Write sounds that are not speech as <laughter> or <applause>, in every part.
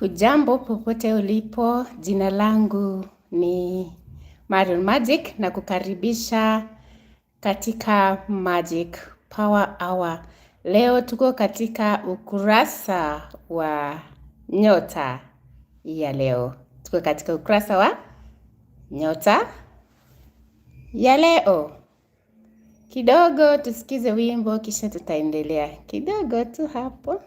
Hujambo popote ulipo, jina langu ni Marion Magic na kukaribisha katika Magic Power Hour. Leo tuko katika ukurasa wa nyota ya leo, tuko katika ukurasa wa nyota ya leo. Kidogo tusikize wimbo, kisha tutaendelea kidogo tu hapo.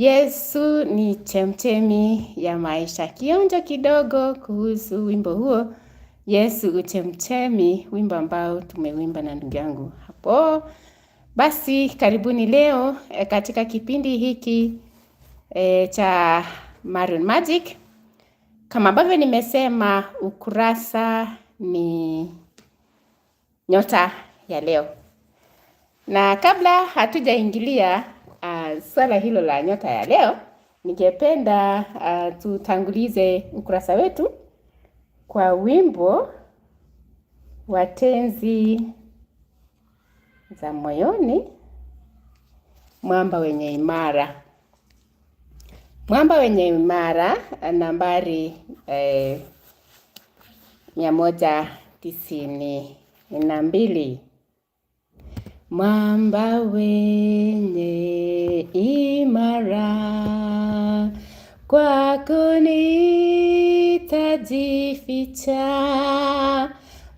Yesu ni chemchemi ya maisha. Kionjo kidogo kuhusu wimbo huo, Yesu uchemchemi wimbo ambao tumewimba na ndugu yangu hapo. Basi karibuni leo e, katika kipindi hiki e, cha Maroon Magic. Kama ambavyo nimesema, ukurasa ni nyota ya leo, na kabla hatujaingilia swala hilo la nyota ya leo, ningependa uh, tutangulize ukurasa wetu kwa wimbo wa tenzi za moyoni, mwamba wenye imara, mwamba wenye imara, nambari eh, mia moja tisini na mbili mwamba wenye imara, kwako nitajificha,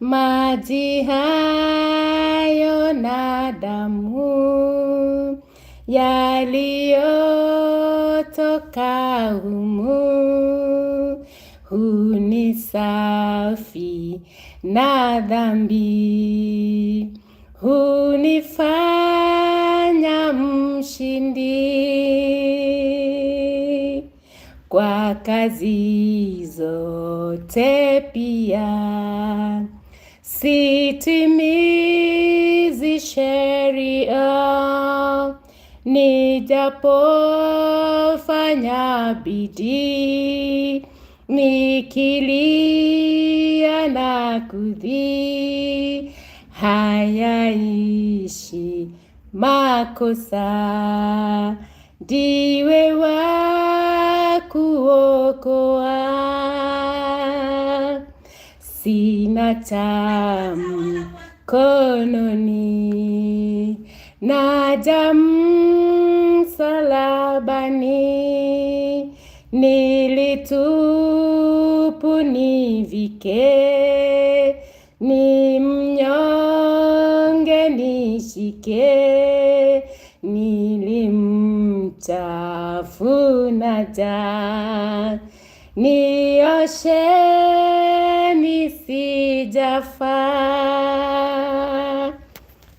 maji hayo na damu yaliyotoka humu safi na dhambi hunifanya mshindi kwa kazi zote, pia sitimizi sheria nijapofanya bidii nikilia na kudhii hayaishi makosa, ndiwe wa kuokoa, sina tamu kononi na damu msalabani, nilitupu nivike ni mnyo nishike, nilimtafuna nioshe, nisijafaa.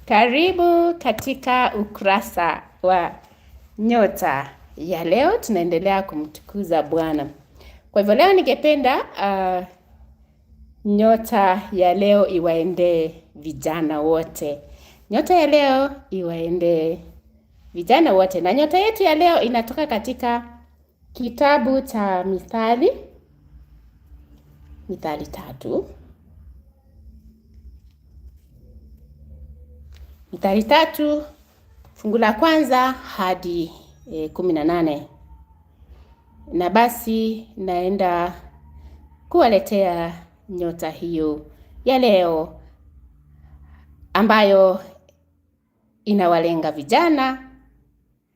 Karibu katika ukurasa wa Nyota ya leo, tunaendelea kumtukuza Bwana. Kwa hivyo leo ningependa uh, nyota ya leo iwaendee vijana wote. Nyota ya leo iwaende vijana wote, na nyota yetu ya leo inatoka katika kitabu cha Mithali, Mithali tatu, Mithali tatu fungu la kwanza hadi e, kumi na nane na basi naenda kuwaletea nyota hiyo ya leo ambayo inawalenga vijana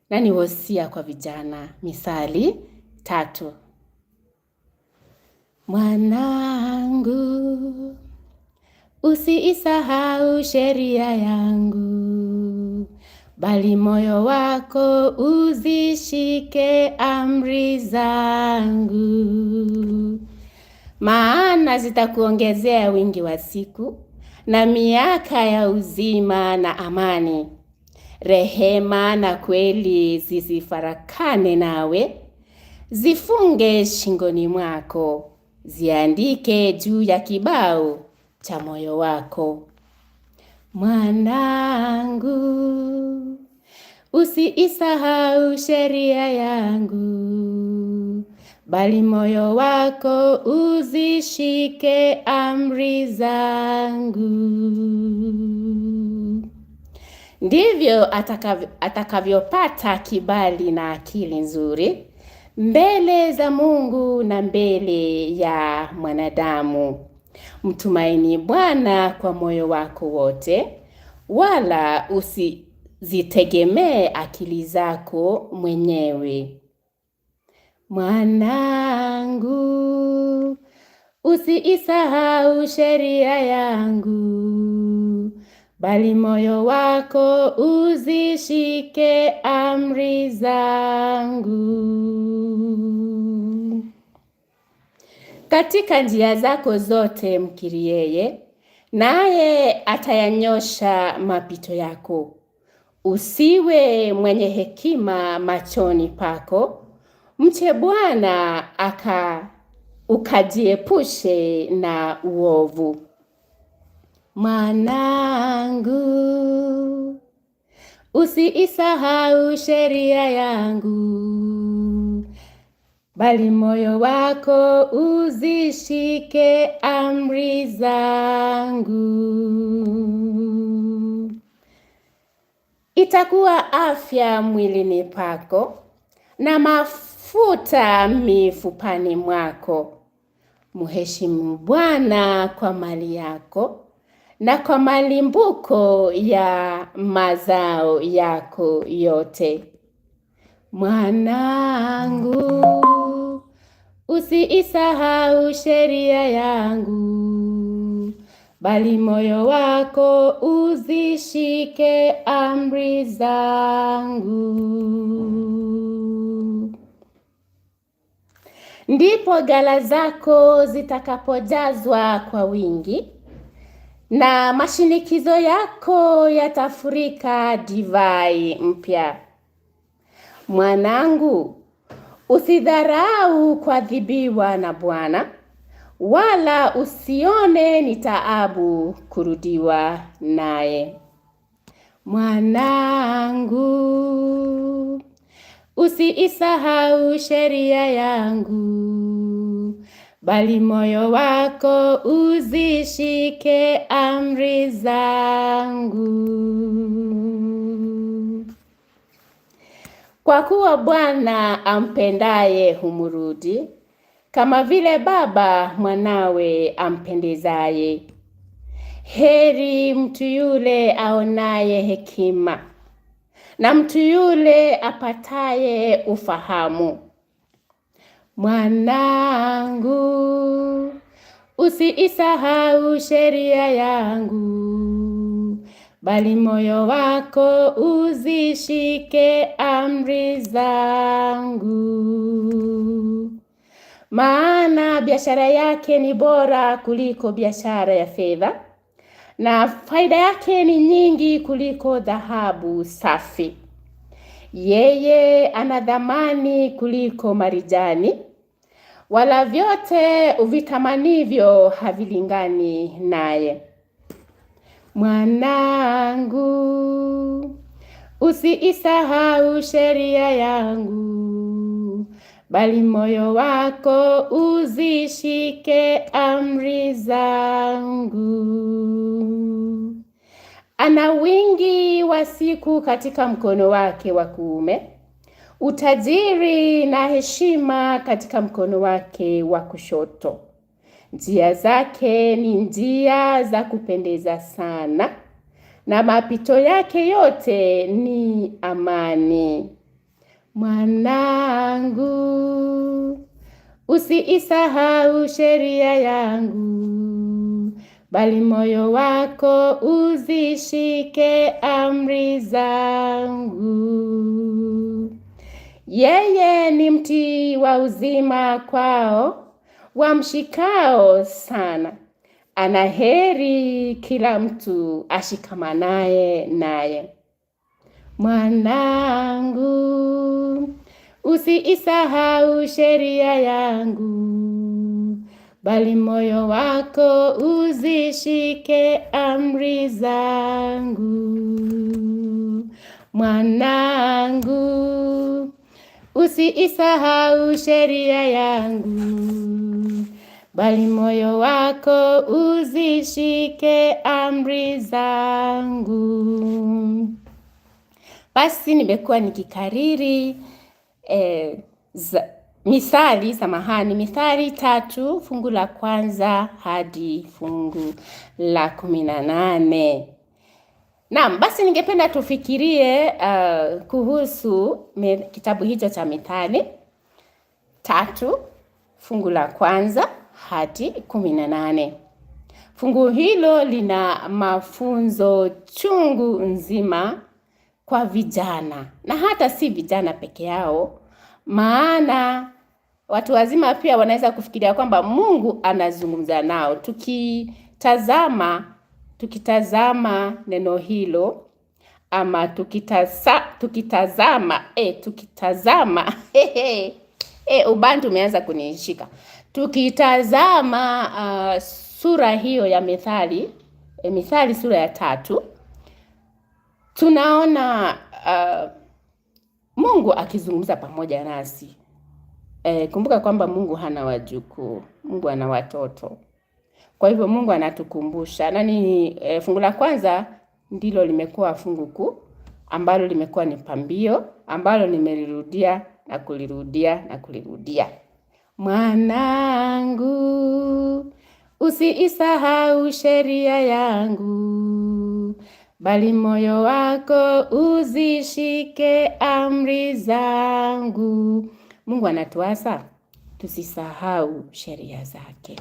na ni wosia kwa vijana. Mithali tatu. Mwanangu, usiisahau sheria yangu, bali moyo wako uzishike amri zangu, maana zitakuongezea wingi wa siku na miaka ya uzima na amani. Rehema na kweli zisifarakane nawe, zifunge shingoni mwako, ziandike juu ya kibao cha moyo wako. Mwanangu, usiisahau sheria yangu, bali moyo wako uzishike amri zangu ndivyo atakavyopata kibali na akili nzuri mbele za Mungu na mbele ya mwanadamu. Mtumaini Bwana kwa moyo wako wote, wala usizitegemee akili zako mwenyewe. Mwanangu, usiisahau sheria yangu bali moyo wako uzishike amri zangu. Katika njia zako zote mkiri yeye, naye atayanyosha mapito yako. Usiwe mwenye hekima machoni pako, mche Bwana aka ukajiepushe na uovu mwanangu, usiisahau sheria yangu, bali moyo wako uzishike amri zangu. Itakuwa afya mwilini pako na mafuta mifupani mwako. Mheshimu Bwana kwa mali yako na kwa malimbuko ya mazao yako yote. Mwanangu, usiisahau sheria yangu, bali moyo wako uzishike amri zangu, ndipo ghala zako zitakapojazwa kwa wingi na mashinikizo yako yatafurika divai mpya. Mwanangu, usidharau kuadhibiwa na Bwana, wala usione ni taabu kurudiwa naye. Mwanangu, usiisahau sheria yangu bali moyo wako uzishike amri zangu. Kwa kuwa Bwana ampendaye humurudi, kama vile baba mwanawe ampendezaye. Heri mtu yule aonaye hekima na mtu yule apataye ufahamu Mwanangu, usiisahau sheria yangu, bali moyo wako uzishike amri zangu. Maana biashara yake ni bora kuliko biashara ya fedha, na faida yake ni nyingi kuliko dhahabu safi. Yeye ana thamani kuliko marijani wala vyote uvitamanivyo havilingani naye. Mwanangu, usiisahau sheria yangu, bali moyo wako uzishike amri zangu. Ana wingi wa siku katika mkono wake wa kuume utajiri na heshima katika mkono wake wa kushoto. Njia zake ni njia za kupendeza sana, na mapito yake yote ni amani. Mwanangu, usiisahau sheria yangu, bali moyo wako uzishike amri zangu. Yeye ni mti wa uzima kwao wamshikao sana. Ana heri kila mtu ashikamanaye naye. Mwanangu, usiisahau sheria yangu, bali moyo wako uzishike amri zangu. Mwanangu, usiisahau sheria yangu, bali moyo wako uzishike amri zangu. Basi nimekuwa nikikariri eh, za, Mithali, samahani, Mithali tatu fungu la kwanza hadi fungu la kumi na nane. Naam, basi ningependa tufikirie uh, kuhusu me, kitabu hicho cha Mithali tatu fungu la kwanza hadi kumi na nane. Fungu hilo lina mafunzo chungu nzima kwa vijana na hata si vijana peke yao, maana watu wazima pia wanaweza kufikiria kwamba Mungu anazungumza nao. Tukitazama Tukitazama neno hilo ama tukitasa, tukitazama e, tukitazama <laughs> e, ubantu umeanza kunishika. Tukitazama uh, sura hiyo ya Methali e, Methali sura ya tatu tunaona uh, Mungu akizungumza pamoja nasi e, kumbuka kwamba Mungu hana wajukuu, Mungu ana watoto kwa hivyo Mungu anatukumbusha nani. E, fungu la kwanza ndilo limekuwa fungu kuu ambalo limekuwa ni pambio ambalo nimelirudia na kulirudia na kulirudia. Mwanangu, usiisahau sheria yangu, bali moyo wako uzishike amri zangu. Mungu anatuasa tusisahau sheria zake.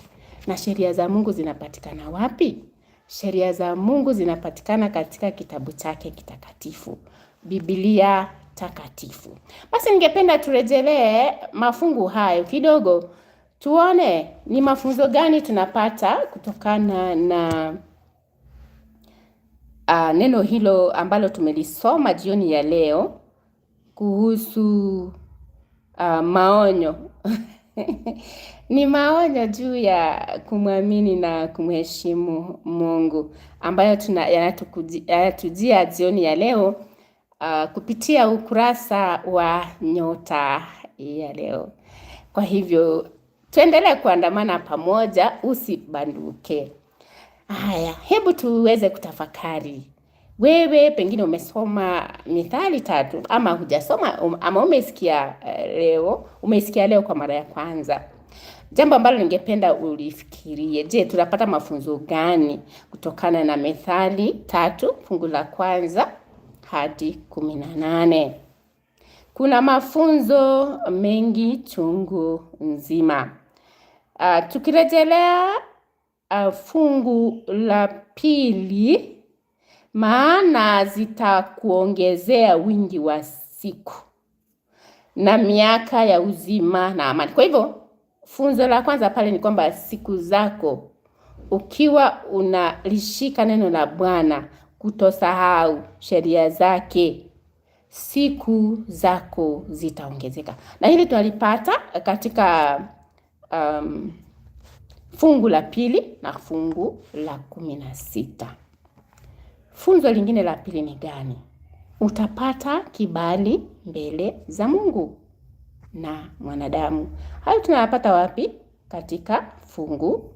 Na sheria za Mungu zinapatikana wapi? Sheria za Mungu zinapatikana katika kitabu chake kitakatifu, Biblia takatifu. Basi ningependa turejelee mafungu hayo kidogo, tuone ni mafunzo gani tunapata kutokana na a, neno hilo ambalo tumelisoma jioni ya leo kuhusu a, maonyo <laughs> <laughs> Ni maonyo juu ya kumwamini na kumheshimu Mungu ambayo yanatujia jioni ya leo uh, kupitia ukurasa wa Nyota ya Leo. Kwa hivyo tuendelee kuandamana pamoja, usibanduke. Haya, hebu tuweze kutafakari wewe pengine umesoma Mithali tatu ama hujasoma um, ama umesikia uh, eh, leo umesikia leo kwa mara ya kwanza. Jambo ambalo ningependa ulifikirie, je, tunapata mafunzo gani kutokana na Methali tatu fungu la kwanza hadi kumi na nane? Kuna mafunzo mengi chungu nzima. Uh, tukirejelea uh, fungu la pili maana zitakuongezea wingi wa siku na miaka ya uzima na amani. Kwa hivyo funzo la kwanza pale ni kwamba siku zako ukiwa unalishika neno la Bwana, kutosahau sheria zake, siku zako zitaongezeka. Na hili tunalipata katika um, fungu la pili na fungu la kumi na sita. Funzo lingine la pili ni gani? Utapata kibali mbele za Mungu na mwanadamu. Hayo tunayapata wapi? Katika fungu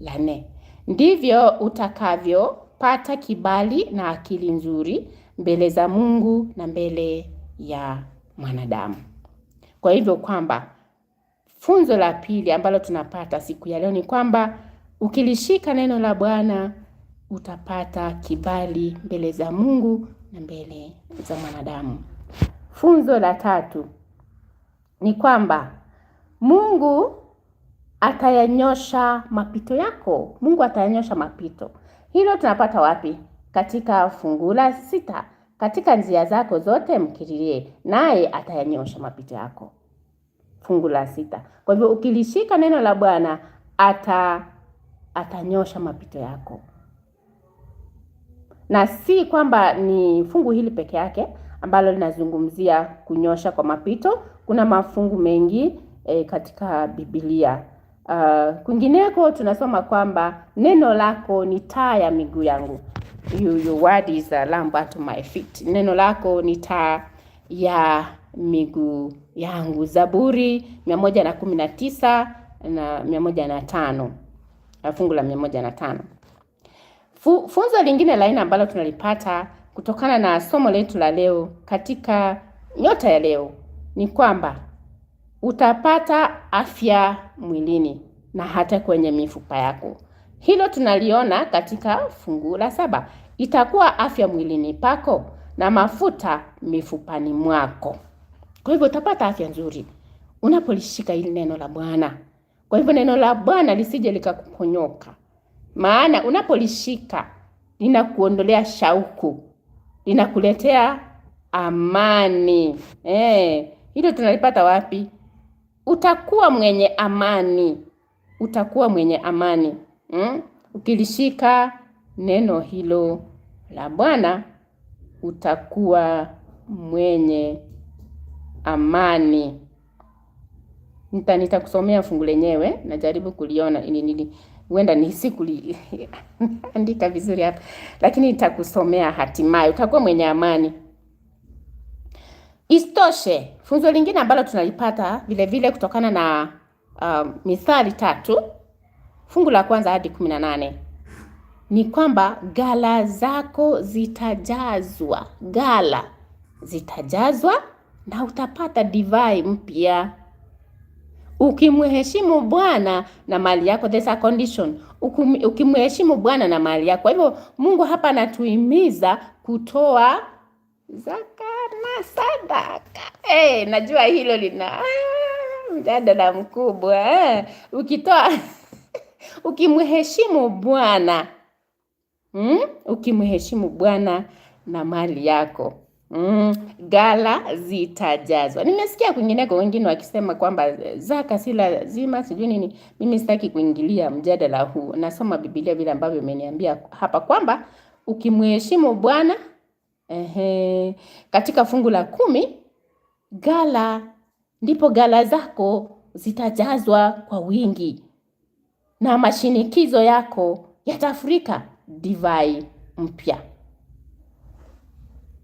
la nne. Ndivyo utakavyopata kibali na akili nzuri mbele za Mungu na mbele ya mwanadamu. Kwa hivyo kwamba funzo la pili ambalo tunapata siku ya leo ni kwamba ukilishika neno la Bwana utapata kibali mbele za Mungu na mbele za mwanadamu. Funzo la tatu ni kwamba Mungu atayanyosha mapito yako. Mungu atayanyosha mapito. Hilo tunapata wapi? Katika fungu la sita, katika njia zako zote mkirie, naye atayanyosha mapito yako. Fungu la sita. Kwa hivyo ukilishika neno la Bwana ata atanyosha mapito yako na si kwamba ni fungu hili peke yake ambalo linazungumzia kunyosha kwa mapito. Kuna mafungu mengi e, katika Biblia. Uh, kwingineko tunasoma kwamba neno lako ni taa ya miguu yangu. You, your word is a lamp unto my feet. Neno lako ni taa ya miguu yangu. Zaburi 119 na 105. Ah, fungu la funzo lingine la aina ambalo tunalipata kutokana na somo letu la leo katika nyota ya leo ni kwamba utapata afya mwilini na hata kwenye mifupa yako. Hilo tunaliona katika fungu la saba, itakuwa afya mwilini pako na mafuta mifupani mwako. Kwa hivyo utapata afya nzuri unapolishika hili neno la Bwana. Kwa hivyo neno la Bwana lisije likakuponyoka, maana unapolishika linakuondolea shauku, linakuletea amani. Eh, hilo tunalipata wapi? Utakuwa mwenye amani, utakuwa mwenye amani mm? Ukilishika neno hilo la Bwana utakuwa mwenye amani. Nita nitakusomea fungu lenyewe, najaribu kuliona ili nili huenda ni sikuliandika vizuri hapa, lakini nitakusomea hatimaye, utakuwa mwenye amani. Isitoshe, funzo lingine ambalo tunalipata vile vile kutokana na uh, Mithali tatu fungu la kwanza hadi kumi na nane ni kwamba ghala zako zitajazwa, ghala zitajazwa na utapata divai mpya. Ukimheshimu Bwana na mali yako, there's a condition. Ukimheshimu Bwana na mali yako. Kwa hivyo Mungu hapa anatuhimiza kutoa zaka na sadaka. Hey, eh, najua hilo lina ah, mjadala mkubwa eh. Ukitoa <laughs> ukimheshimu Bwana hmm? Ukimheshimu Bwana na mali yako Mm, gala zitajazwa. Nimesikia kwingineko wengine wakisema kwamba zaka si lazima, sijui nini. Mimi sitaki kuingilia mjadala huu. Nasoma Biblia vile ambavyo imeniambia hapa kwamba ukimheshimu Bwana ehe, katika fungu la kumi, gala ndipo gala zako zitajazwa kwa wingi na mashinikizo yako yatafurika divai mpya.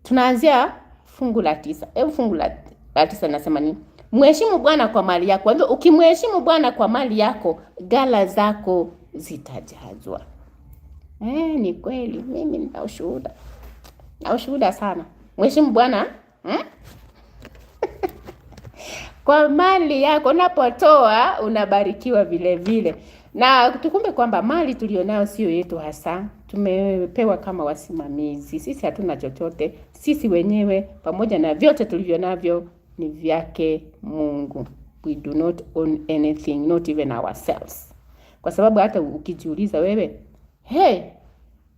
Tunaanzia fungu la tisa. Hebu fungu la, la tisa nasema nini? Mheshimu Bwana kwa mali yako. Hivyo ukimheshimu Bwana kwa mali yako, gala zako zitajazwa. Eh, ni kweli, mimi nina ushuhuda, na ushuhuda sana. Mheshimu Bwana hmm? <laughs> kwa mali yako. Unapotoa unabarikiwa vile vile, na tukumbe kwamba mali tuliyonayo sio yetu hasa tumepewa kama wasimamizi. Sisi hatuna chochote, sisi wenyewe pamoja na vyote tulivyo navyo ni vyake Mungu. We do not own anything, not even ourselves. Kwa sababu hata ukijiuliza wewe, he,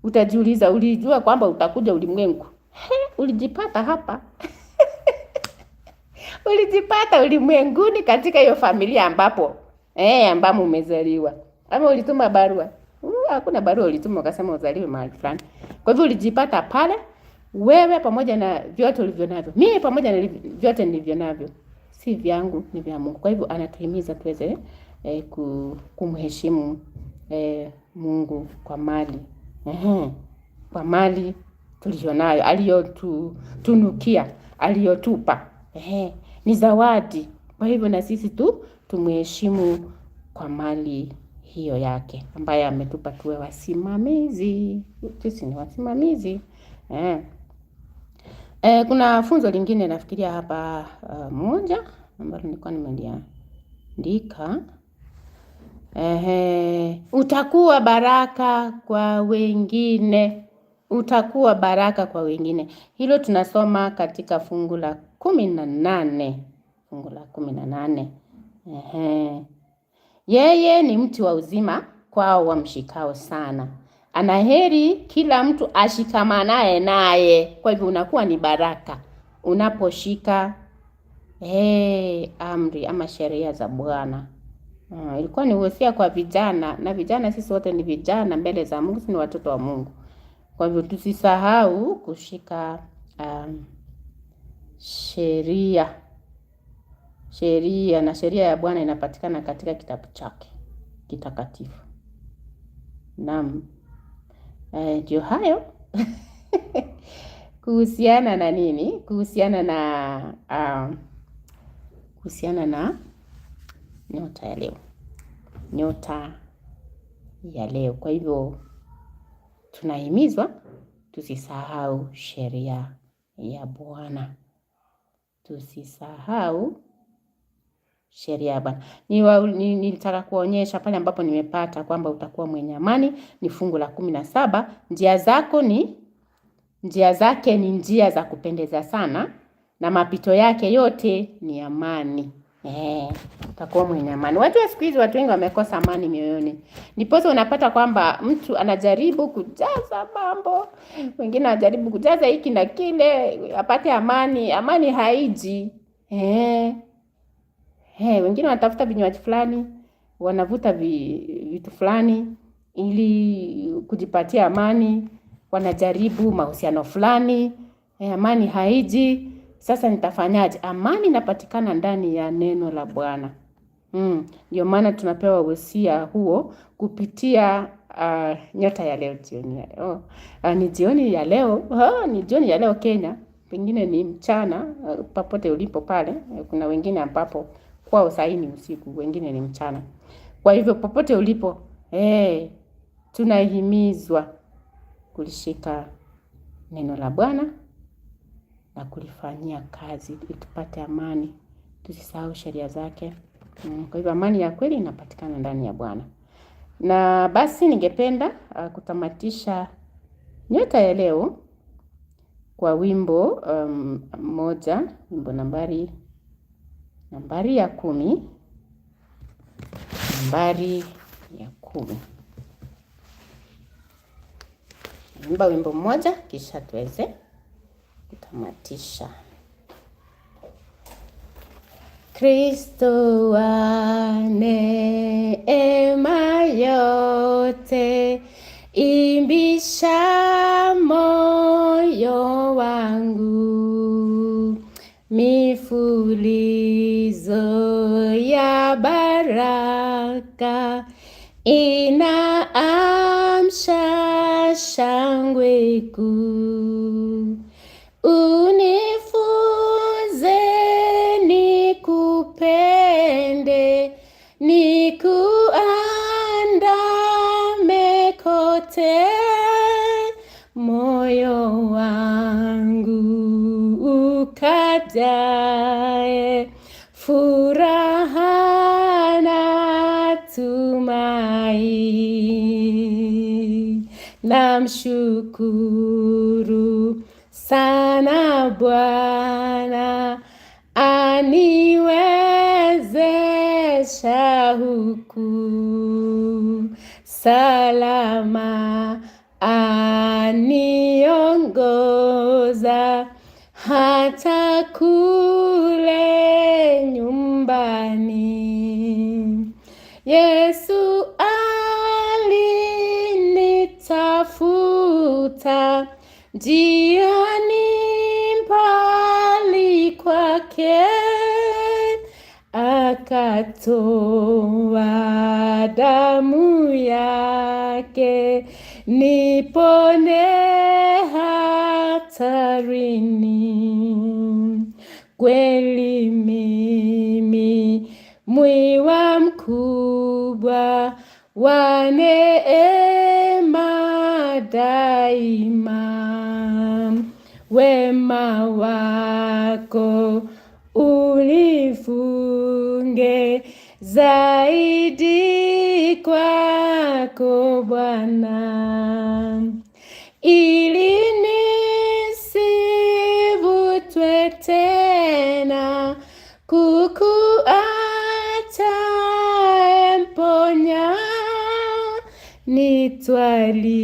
utajiuliza ulijua kwamba utakuja ulimwengu? He, ulijipata hapa <laughs> ulijipata ulimwenguni katika hiyo familia ambapo eh, ambamo umezaliwa, ama ulituma barua? hakuna barua ulituma ukasema uzaliwe mahali fulani. Kwa hivyo ulijipata pale wewe pamoja na vyote ulivyo navyo. Mimi pamoja na vyote nilivyo navyo si vyangu, ni vya Mungu. Kwa hivyo anatuhimiza tuweze eh, kumheshimu eh, Mungu kwa mali. Ehe. Kwa mali nayo, aliyotunukia, aliyotupa. Ni zawadi. Kwa hivyo na sisi tu tumheshimu kwa mali hiyo yake ambaye ametupa tuwe wasimamizi. Sisi ni wasimamizi eh. Eh, kuna funzo lingine nafikiria hapa uh, moja ambalo nilikuwa nimeliandika eh, utakuwa baraka kwa wengine, utakuwa baraka kwa wengine. Hilo tunasoma katika fungu la kumi na nane fungu la kumi na nane yeye ni mti wa uzima kwao wamshikao sana. Anaheri kila mtu ashikamanaye naye. Kwa hivyo unakuwa ni baraka unaposhika hey, eh, amri ama sheria za Bwana. Uh, ilikuwa ni uhusia kwa vijana na vijana, sisi wote ni vijana mbele za Mungu, ni watoto wa Mungu. Kwa hivyo tusisahau kushika um, sheria sheria na sheria ya Bwana inapatikana katika kitabu chake kitakatifu. Naam, eh, ndio hayo <laughs> kuhusiana na nini? Kuhusiana na uh, kuhusiana na nyota ya leo, nyota ya leo. Kwa hivyo tunahimizwa tusisahau sheria ya Bwana, tusisahau sheria ya ni Nilitaka kuonyesha pale ambapo nimepata kwamba utakuwa mwenye amani ni fungu la kumi na saba. Njia zako ni njia zake ni njia za kupendeza sana na mapito yake yote ni amani. Eh, utakuwa mwenye amani. Watu wa siku hizi watu wengi wamekosa amani mioyoni. Ndiposa unapata kwamba mtu anajaribu kujaza mambo, wengine anajaribu kujaza hiki na kile apate amani, amani haiji. Eh. He, wengine wanatafuta vinywaji fulani, wanavuta vitu fulani ili kujipatia amani, wanajaribu mahusiano fulani, eh, amani haiji. Sasa nitafanyaje? Amani inapatikana ndani ya neno la Bwana. Hmm, ndio mm, maana tunapewa wosia huo kupitia uh, nyota ya leo jioni ya leo uh, ni jioni ya leo uh, ni jioni ya leo Kenya, pengine ni mchana uh, papote ulipo pale uh, kuna wengine ambapo kwao saa ni usiku, wengine ni mchana. Kwa hivyo popote ulipo, hey, eh, tunahimizwa kulishika neno la Bwana na kulifanyia kazi ili tupate amani, tusisahau sheria zake. Mm, kwa hivyo amani ya kweli inapatikana ndani ya Bwana. Na basi ningependa uh, kutamatisha nyota ya leo kwa wimbo um, moja, wimbo nambari nambari ya kumi, nambari ya kumi. Naimba wimbo mmoja kisha tuweze kutamatisha. Kristo wa neema yote, imbisha moyo wangu mifuli baraka inaamsha shangwe kuu. Unifunze nikupende, nikuandame kote moyo wangu ukatae Nitamshukuru sana Bwana aniwezesha huku salama Njiani mbali kwake akatoa damu yake, nipone hatarini. Kweli mimi wa mkubwa wa neema daima wema wako ulifunge zaidi kwako Bwana, ili nisivutwe tena kukuacha, emponya nitwalie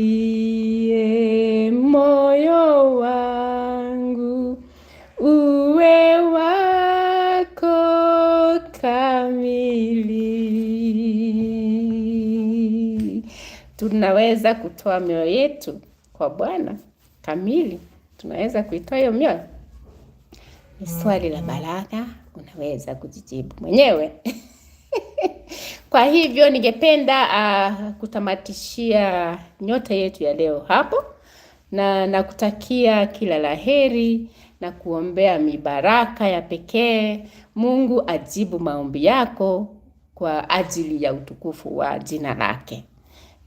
moyo wa tunaweza kutoa mioyo yetu kwa Bwana kamili? Tunaweza kuitoa hiyo mioyo? Ni swali la baraka, unaweza kujijibu mwenyewe. <laughs> Kwa hivyo ningependa uh, kutamatishia nyota yetu ya leo hapo, na nakutakia kila laheri na kuombea mibaraka ya pekee. Mungu ajibu maombi yako kwa ajili ya utukufu wa jina lake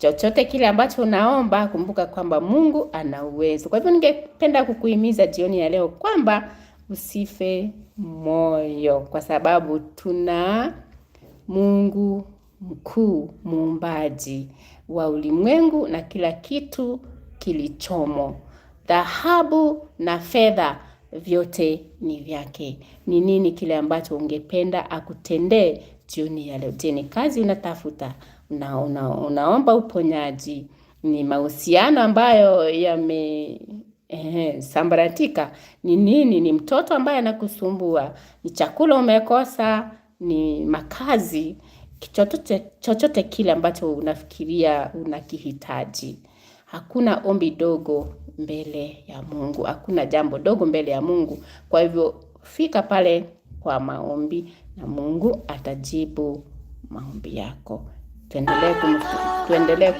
chochote kile ambacho unaomba, kumbuka kwamba Mungu ana uwezo. Kwa hivyo, ningependa kukuhimiza jioni ya leo kwamba usife moyo, kwa sababu tuna Mungu mkuu, muumbaji wa ulimwengu na kila kitu kilichomo. Dhahabu na fedha vyote ni vyake. Ni nini kile ambacho ungependa akutendee jioni ya leo? Je, ni kazi unatafuta? na una, unaomba uponyaji. Ni mahusiano ambayo yame eh, sambaratika. Ni nini? Ni mtoto ambaye anakusumbua, ni chakula umekosa, ni makazi, chochote chochote kile ambacho unafikiria unakihitaji. Hakuna ombi dogo mbele ya Mungu, hakuna jambo dogo mbele ya Mungu. Kwa hivyo fika pale kwa maombi na Mungu atajibu maombi yako tuendelee tuendelee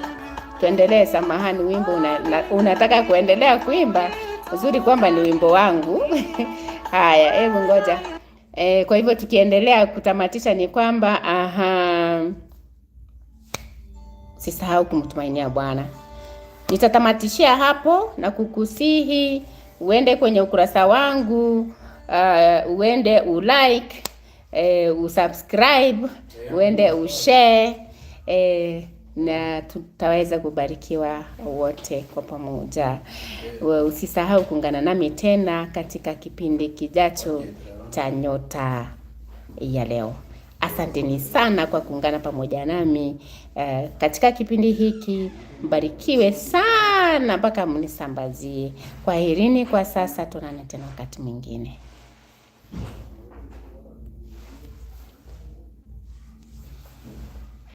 tuendelee, samahani, wimbo una, unataka kuendelea kuimba uzuri kwamba ni wimbo wangu <laughs> haya, hebu ngoja e, kwa hivyo tukiendelea kutamatisha ni kwamba aha, sisahau kumtumainia Bwana. Nitatamatishia hapo na kukusihi uende kwenye ukurasa wangu uh, uende ulike, uh, usubscribe, uende ushare e, na tutaweza kubarikiwa wote kwa pamoja. Usisahau kuungana nami tena katika kipindi kijacho cha Nyota ya Leo. Asanteni sana kwa kuungana pamoja nami eh, katika kipindi hiki. Mbarikiwe sana mpaka mnisambazie. Kwaherini kwa sasa, tuonane tena wakati mwingine.